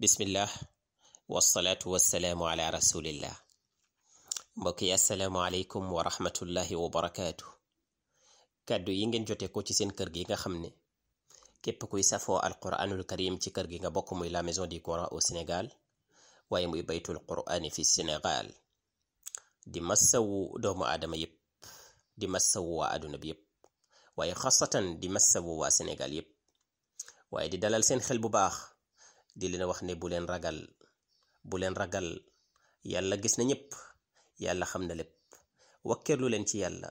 bismillah wasalaatu wasalaamu ala rasulillah mbokk yi asalaamaaleykum wa rahmatullahi wa kàddu yi ngeen jote ko ci seen kër gi nga xam ne képp kuy safoo alquranul karim ci kër gi nga bokk muy di maison du waaye muy baytul qurani fi sénégal di massawu doomu aadama yépp di massawu waa àdduna bi yépp waaye xasatan di massawu waa sénégal yépp waaye di dalal seen xel bu baax di leen wax ne bu leen ragal bu leen ragal yàlla gis na ñëpp yàlla xam na lépp wakkeerlu leen ci yàlla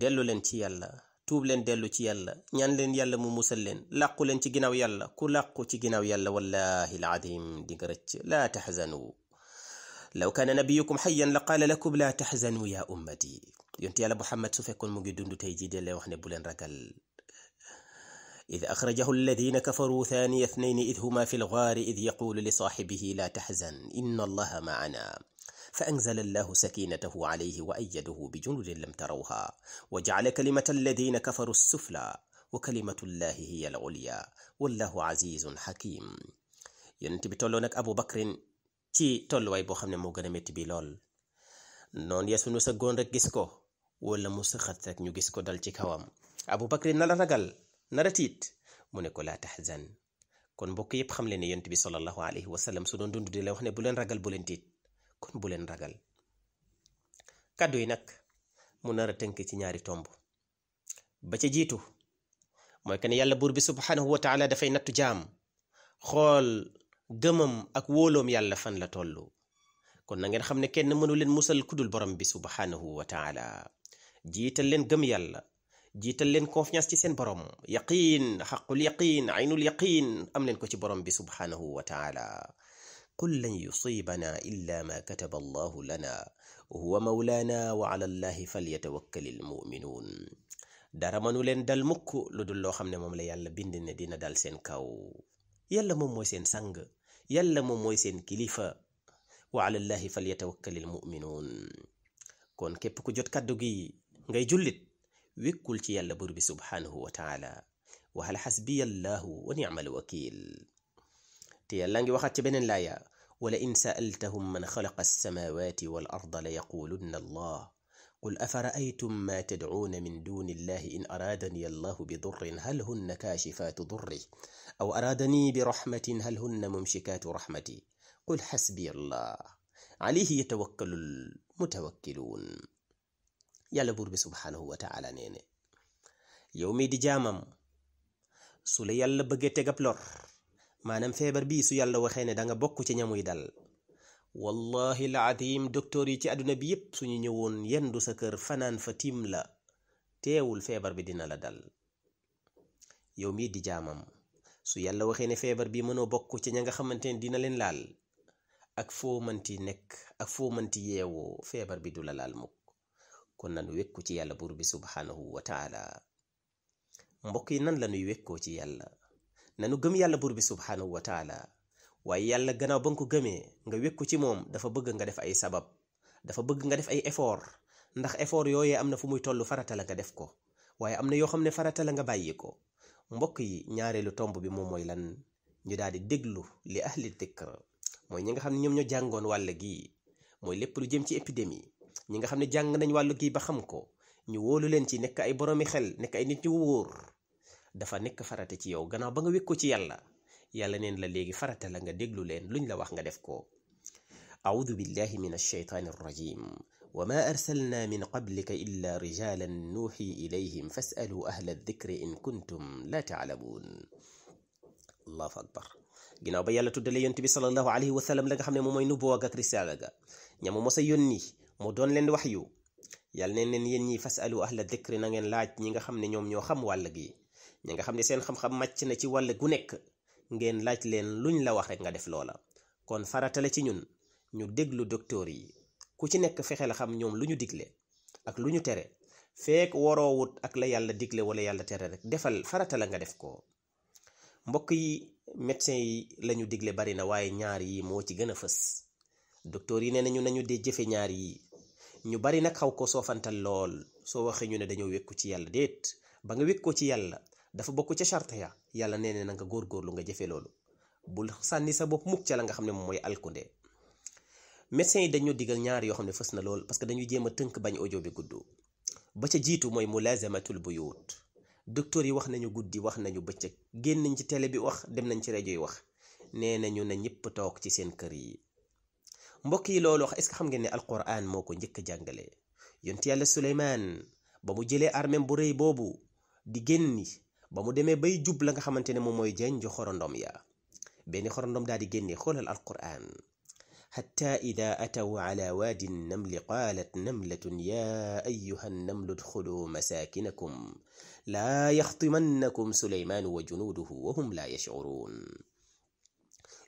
dellu leen ci yàlla tuub leen dellu ci yàlla ñan leen yàlla mu musal leen làqu leen ci ginnaaw yàlla ku làqu ci ginnaaw yàlla wallahi alazim di nga rëcc laa taxzanu law kaana nabiyukum xayan la qaala lakum laa taxzanu ya ummati yonte yàlla muhammad su fekkoon mu ngi dund tey jii de lay wax ne bu leen ragal إذ أخرجه الذين كفروا ثاني اثنين إذ هما في الغار إذ يقول لصاحبه لا تحزن إن الله معنا فأنزل الله سكينته عليه وأيده بجنود لم تروها وجعل كلمة الذين كفروا السفلى وكلمة الله هي العليا والله عزيز حكيم yonent bi tolloo nag Abu Bakrin ci tolluwaay boo xam ne moo gën a métti bi lool noonu ya sunu sëggoon rek gis ko wala mu sëxat rek ñu gis ko dal ci kawam Abu Bakrin na la ragal nar tiit mu ne ko laa taxzan kon mbokk yépp xam leen ne yonent bi sallallahu alayhi wa sallam su doon dund di la wax ne bu leen ragal bu leen tiit kon bu leen ragal kàddu yi nag mu nara tënk ci ñaari tomb ba ca jiitu mooy que ne yàlla buur bi subhanahu wa taala dafay nattu jaam xool gëmam ak woloom yàlla fan la toll kon na ngeen xam ne kenn mënu leen musal kudul borom bi subhanahu wa taala jiital leen gëm yàlla jiital leen confiance ci seen borom yaqiin xaqul yaqiin aynul yaqiin am leen ko ci borom bi subhaanahu wa taala qul lan yusiibana illa ma kataba allahu lana huwa mawlaana wa ala allahi falyatawakkali almuminuun dara mënu leen dal mukk lu dul loo xam ne moom la yàlla bind ne dina dal seen kaw yalla moom mooy seen sang yalla moom mooy seen kilifa wa ala allahi falyatawakkali almuminuun kon képp ku jot kàddu gi ngay jullit wékkul ci yàlla buur bi subhaanahu wa taala waxal xasbiyallahu wa nicmal wakiil te yàlla ngi waxaat ci beneen laaya wala in sa'altahum man xalaqa alsamaawaati wal arda la yaquulunna allah qul afara'aytum ma tadcuuna min duuni illahi in araadani allahu bidurrin hal hunna kaashifaatu durri aw araadani biraxmatin hal hunna mumshikaatu raxmati qul xasbiya allah alayhi yatawakkalul mutawakkiluun yàlla buur bi subhaanahu wa taala ne yow mii di jaamam su la yàlla bëggee tegab lor maanaam feebar bii su yàlla waxee ne danga bokk ci ñamuy dal wallahi la adim yi ci àdduna bi yépp suñu ñëwoon yendu sa kër fanaan fa tiim la teewul feebar bi dina la dal yow mii di jaamam su yàlla waxee ne feebar bii mënoo bokk ci ña nga xamante ne dina leen laal ak foo mënti nekk ak foo mënti yeewoo feebar bi du la laal mukk kon nanu wekku ci yàlla buur bi subhaanahu wa taala mbokk yi nan la ñuy wekkoo ci yàlla nanu gëm yàlla buur bi subhaanahu wa waaye yàlla gannaaw ba nga ko gëmee nga wekku ci moom dafa bëgg nga def ay sabab dafa bëgg nga def ay effort ndax effort yooyee am na fu muy toll farata la nga def ko waaye am na yoo xam ne farata la nga bàyyi ko mbokk yi ñaareelu tomb bi moom mooy lan ñu daal di déglu li ahli dikr mooy ñi nga xam ne ñoom ñoo jàngoon wàll gi mooy lépp lu jëm ci épidémie ñi nga xam ne jàng nañ wàllu gi ba xam ko ñu wóolu leen ci nekk ay boroomi xel nekk ay nit ñu wóor dafa nekk farata ci yow gannaaw ba nga wékk ko ci yàlla yàlla neen la léegi farata la nga déglu leen luñ la wax nga def ko audu billahi min alsheytaani arrajim wa ma arsalna min qablika illa rijalan nuuxi ilayhim fasalu ahla aldikri in kuntum la taalamuun allahu akbar ginnaaw ba yàlla tuddale yonent bi salallahu alayhi wa sallam la nga xam ne moom mooy nubuwa ak risaala ga mu doon leen wax yu yàlla neen leen yéen ñi fasalu ahla dikri na ngeen laaj ñi nga xam ne ñoom ñoo xam wàll gi ñi nga xam ne seen xam-xam màcc na ci wàll gu nekk ngeen laaj leen lu luñ la wax rek nga def loola kon farata la ci ñun ñu déglu docteur yi ku ci nekk fexee la xam ñoom lu ñu digle ak lu ñu tere feek waroowut ak la yàlla digle wala yàlla tere rek defal farata la nga def ko mbokk yi médecin yi lañu digle bari na waaye ñaar yi moo ci gën a fës docteur yi nee nañu nañu dee jëfe ñaar yi ñu bari nag xaw ko soo fantal lool soo waxee ñu ne dañoo wékku ci yàlla déet ba nga wékkoo ci yàlla dafa bokk ca charte ya yàlla nee na nga góorgóorlu nga jëfe loolu bul sànni sa bopp mukk ca la nga xam ne mooy alkunde médecins yi dañoo digal ñaar yoo xam ne fës na lool parce que dañuy jéem tënk bañ audio bi gudd ba ca jiitu mooy bu buyut docteur yi wax nañu guddi wax nañu bëccëg génn nañ ci télé bi wax dem nañ ci rajo yi wax nee nañu na ñëpp toog ci seen kër yi mbokk yi loolu wax est-ce que xam ngeen ne alquran moo ko njëkk a jàngale yonti yàlla suleymaan ba mu jëlee armeem bu rëy boobu di génni ba mu demee bay jub la nga xamante ne moom mooy janju xorondom ya benn xorondom daal di génne xoolal alquran xatta ida ataw ala waadi namli qaalat namlatun ya ayuha namlu dxulu masakinakum laa yaxtimannakum suleymaanu wa junuuduhu wa hum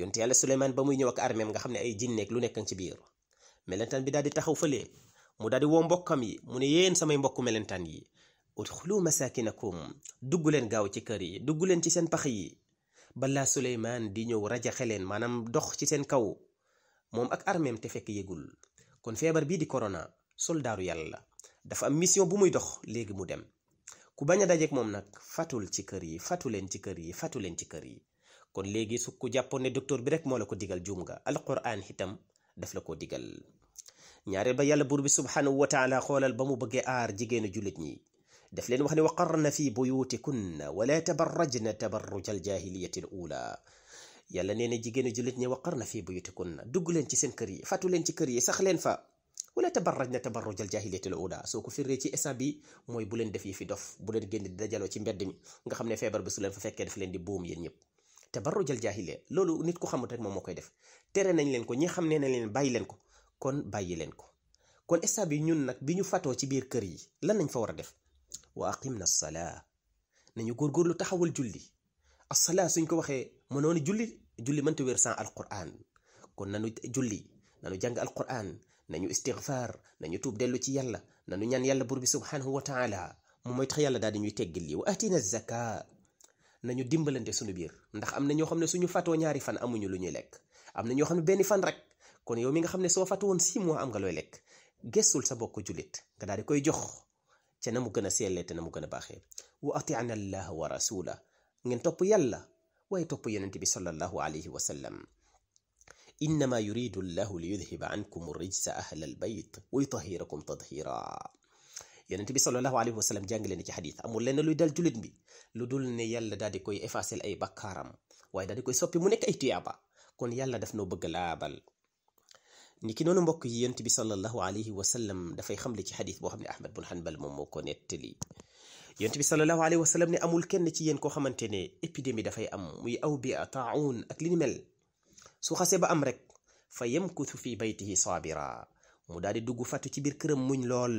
yonte yàlla Suleymaan ba muy ñëw ak armeem nga xam ne ay jinneeg lu nekk ci biir melentaan bi daal taxaw fële mu daal di woo mbokkam yi mu ne yéen samay mbokku melentaan yi na masakinakum dugg leen gaaw ci kër yi dugg leen ci seen pax yi balaa Suleymaan di ñëw rajaxe leen maanaam dox ci seen kaw moom ak armeem te fekk yëgul kon feebar bii di corona soldaaru yàlla la dafa am mission bu muy dox léegi mu dem ku bañ a dajeek moom nag fatul ci kër yi fatu leen ci kër yi fatu leen ci kër yi kon léegi su ko jàppoon ne docteur bi rek moo la ko digal juum nga alquran itam def la koo digal ñaareel ba yàlla buur bi subhaanahu wa taala xoolal ba mu bëggee aar jigéenu jullit ñi daf leen wax ne waqarna fi buyutikunna wala tabarrajna tabarruja aljaahiliyati al ula yàlla nee na jigéenu jullit ñi waqarna fi dugg leen ci seen kër yi fàttu leen ci kër yi sax leen fa wala tabarraj na tabarruj al jahiliyatil ula soo ko firee ci instant bi mooy bu leen def yi fi dof bu leen génn di dajaloo ci mbedd mi nga xam ne feebar bi su leen fa fekkee daf leen di boom yéen ñëpp tabarrujal jaahiliya loolu nit ku xamut rek moom moo koy def tere nañ leen ko ñi xam ne nañ leen bàyyi leen ko kon bàyyi leen ko kon état bi ñun nag bi ñu fatoo ci biir kër yi lan nañ fa war a def wa aqim na salaa nañu góorgóorlu taxawal julli assalaa suñ ko waxee mënoon julli julli mënta wér sans alquran kon nanu julli nanu jàng alquran nañu istigfaar nañu tuub dellu ci yàlla nanu ñaan yàlla buur bi subhanahu wa taala mu moytax yàlla daal di ñuy teggil lii wa atina zaka nañu dimbalante suñu biir ndax am na ñoo xam ne suñu fatoo ñaari fan amuñu lu ñuy lekk am na ñoo xam ne benn fan rek kon yow mi nga xam ne soo fatu woon 6 mois am nga looy lekk gestul sa bokk jullit nga daal di koy jox ca na mu gën a seetlee te na mu gën a baaxee wa atiana allaha wa rasula ngeen topp yàlla waaye topp yonent bi sallallahu alayhi wa sallam innama yuridu allahu li yudhiba ankum rijsa ahla albayt wa yutahirakum tadhira yonent bi sallallahu alayhi wa sallam na ci xadis amul lenn luy dal julit bi lu dul ne yàlla daal di koy effacer ay bakkaaram waaye daal di koy soppi mu nekk ay tuyaaba kon yàlla daf noo bëgg laabal ni ki noonu mbokk yi yonent bi sallallahu alayhi wa sallam dafay xamle ci xadis boo xam ne Ahmad bun Hanbal moom moo ko nettali yonent bi sallallahu alayhi wa sallam ne amul kenn ci yéen koo xamante ne épidémie dafay am muy aw bi a taawun ak li ni mel su xasee ba am rek fa yamkuthu fi baytihi saabira mu daal di dugg fàttu ci biir këram muñ lool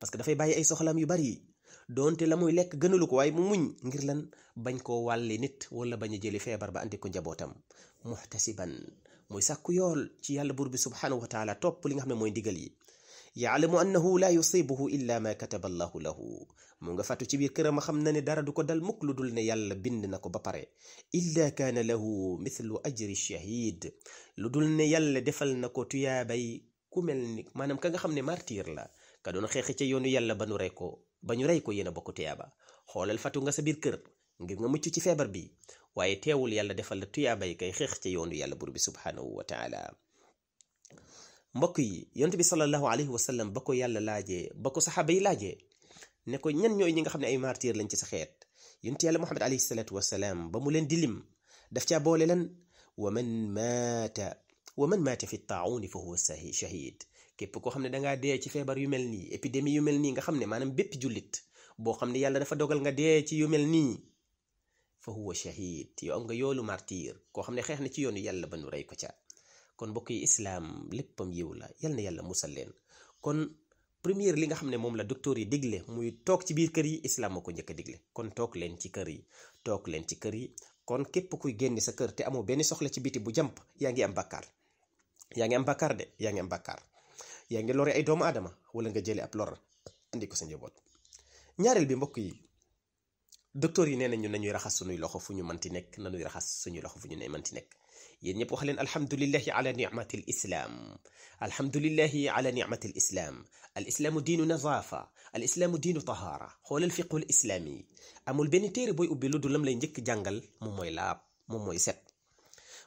parce que dafay bàyyi ay soxlaam yu bari yi doonte la muy lekk gënalu ko waaye mu muñ ngir lan bañ koo wàlli nit wala bañ a jëli feebar ba andi ko njabootam muhtasiban muy sàkku yool ci yàlla buur bi subhaanahu wa taala topp li nga xam ne mooy ndigal yi yaalamu annahu laa yusibuhu illa ma kataba allahu lahu ci biir këram xam na ne dara du ko dal mukk lu dul ne yàlla bind na ko ba pare illa kaana lahu mithlu ajri shahid lu dul ne yàlla defal na ko tuyaabay ku mel ni maanaam ka nga xam ne martir la ka doon xeexe ca yoonu yàlla ba nu rey ko ba ñu rey ko yéen a bokk tuyaaba xoolal fatu nga sa biir kër ngir nga mucc ci feebar bi waaye teewul yàlla defal la tuyaaba yi kay xeex ca yàlla bur bi subhaanahu wa taala mbokk yi yonent bi sallallahu alayhi wa sallam ba ko yàlla laajee ba ko saxaaba yi laajee ne ko ñan ñooy ñi nga xam ne ay martir lañ ci sa xeet yonent yàlla muhammad alayhi salaatu wasalaam ba mu leen di lim daf caa boole lan wa man maata wa man maata fi taawuni fa huwa shahid képp koo xam ne dangaa dee ci feebar yu mel nii épidémie yu mel nii nga xam ne maanaam bépp jullit boo xam ne yàlla dafa dogal nga dee ci yu mel nii fa huwa shahid yow am nga yoolu martir koo xam ne xeex na ci yoonu yàlla ba nu rey ko ca kon mbokk yi islaam léppam yiw la yal na yàlla musal leen kon première li nga xam ne moom la docteur yi digle muy toog ci biir kër yi islaam moo ko njëkk a digle kon toog leen ci kër yi toog leen ci kër yi kon képp kuy génn sa kër te amoo benn soxla ci biti bu jàmp yaa ngi am bàkkaar yaa ngi am bakkaar de yaa ngi am bakkaar yaa ngi lore ay doomu aadama wala nga jëlee ab lor ndi ko sa njaboot ñaareel bi mbokk yi docteur yi nee nañu ñuy raxas suñuy loxo fu ñu manti nekk nañuy raxas suñuy loxo fu ñu ne ti nekk yéen ñëpp wax leen alhamdulillahi ala nicmati l islaam alhamdulillahi ala nicmati l islaam al islaamu diinu nadaafa al islaamu diinu tahaara xoolal fiqul islaami amul benn téere booy ubbi lu du lam lay njëkk jàngal moom mooy laab moom mooy set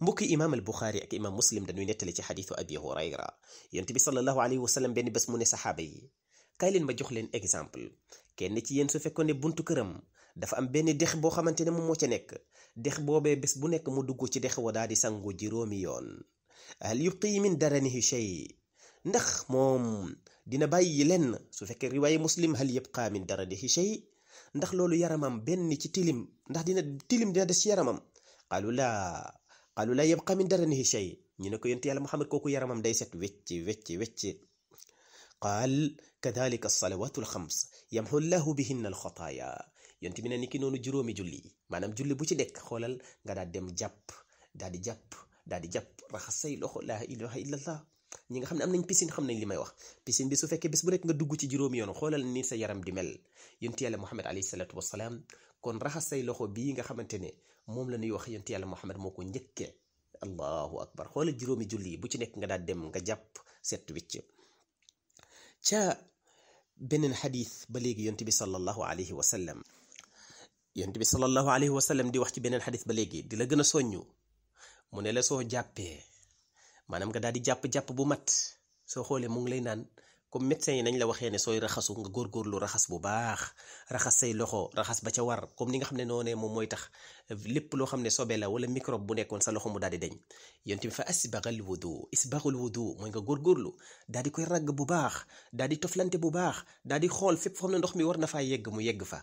mbokki imaam al buxaari ak imaam muslim dañuy nettali ci xadiisu abi hurayra yonent bi sallallahu alayhi wa sallam benn bés mu ne saxaaba yi kaay leen ma jox leen exemple kenn ci yéen su fekkoon ne buntu këram dafa am benn dex boo xamante ne moom moo ca nekk dex boobee bés bu nekk mu dugg ci dex wa daal di sangu juróomi yoon hal yubqi min daranihi shay ndax moom dina bàyyi lenn su fekkee riwaaye muslim hal yabqa min daranihi shay ndax loolu yaramam benn ci tilim ndax dina tilim dina des ci yaramam qaalu laa xaalu laa yabqa min daranihi shay ñu ne ko yonent yàlla Muhammad kooku yaramam day set wecc wecc wecc qaal kadalika alsalawatu alxams yamxu llahu bihinna alxataaya yonent bi ne ni ki noonu juróomi julli maanaam julli bu ci dekk xoolal nga daal dem jàpp daal di jàpp daal di jàpp raxas say loxo laa ilaha illa allah ñi nga xam ne am nañ piscine xam nañ li may wax piscine bi su fekkee bés bu nekk nga dugg ci juróomi yoon xoolal ni sa yaram di mel yonent yàlla Muhammad alayhi salaatu wassalaam kon raxas say loxo bii nga xamante ne moom la ñuy wax yonent yàlla Muhammad moo ko njëkkee allahu akbar xoole juróomi julli bu ci nekk nga daal dem nga jàpp set wicc ca beneen xadis ba léegi yonent bi sallallahu alayhi wa sallam yonent bi sallallahu alayhi wa sallam di wax ci beneen xadis ba léegi di la gën a soññu mu ne la soo jàppee maanaam nga daal di jàpp jàpp bu mat soo xoolee mu ngi lay naan comme médecin yi nañ la waxee ne sooy raxasu nga góorgóorlu raxas bu baax raxas say loxo raxas ba ca war comme ni nga xam ne noonee moom mooy tax lépp loo xam ne sobe la wala microbe bu nekkoon sa loxo mu daal di dañ yonte bi fa asbaxal wudu isbaxul wudu mooy nga góorgóorlu daal di koy ragg bu baax daal di toflante bu baax daal di xool fépp foo xam ne ndox mi war na faa yegg mu yegg fa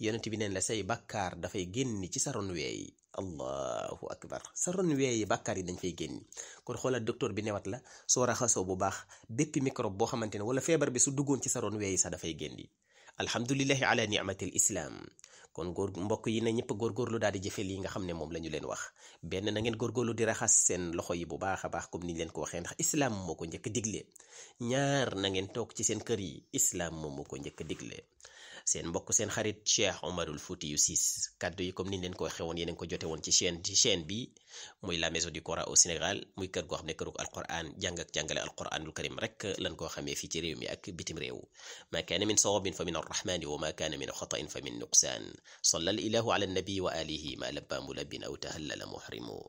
yonent bi neen la say bàkkaar dafay génn ci sa ron weey allahu akbar sa ron weeyi bàkkaar yi dañ fay génn kon xoolaat docteur bi newat la soo raxasoo bu baax bépp microbe boo xamante ne wala feebar bi su duggoon ci sa ron sax dafay génn alhamdulillahi ala ni'matil islam kon góor mbokk yi ne ñëpp góorgóorlu daal di jëfe lii nga xam ne moom la ñu leen wax benn na ngeen góorgóorlu di raxas seen loxo yi bu baax a baax comme niñ leen ko waxee ndax islaam moo ko njëkk digle ñaar na ngeen ci seen kër yi islaam moom moo ko njëkk digle seen mbokk seen xarit Cheikh Omarul Fouti yu siis yi comme niñ leen ko waxee woon yéen a ko jote woon ci chaîne ci chaîne bi muy la maison du Coran Sénégal muy kër goo xam ne kërug alquran jàng ak jàngale alquranul karim rek lan koo xamee fii ci réew mi ak bitim réew ma kaana min sawabin fa min arrahmani wa ma kaana min xatain fa min nuqsaan صلى الإله على النبي وآله ما لبى ملب أو تهلل محرم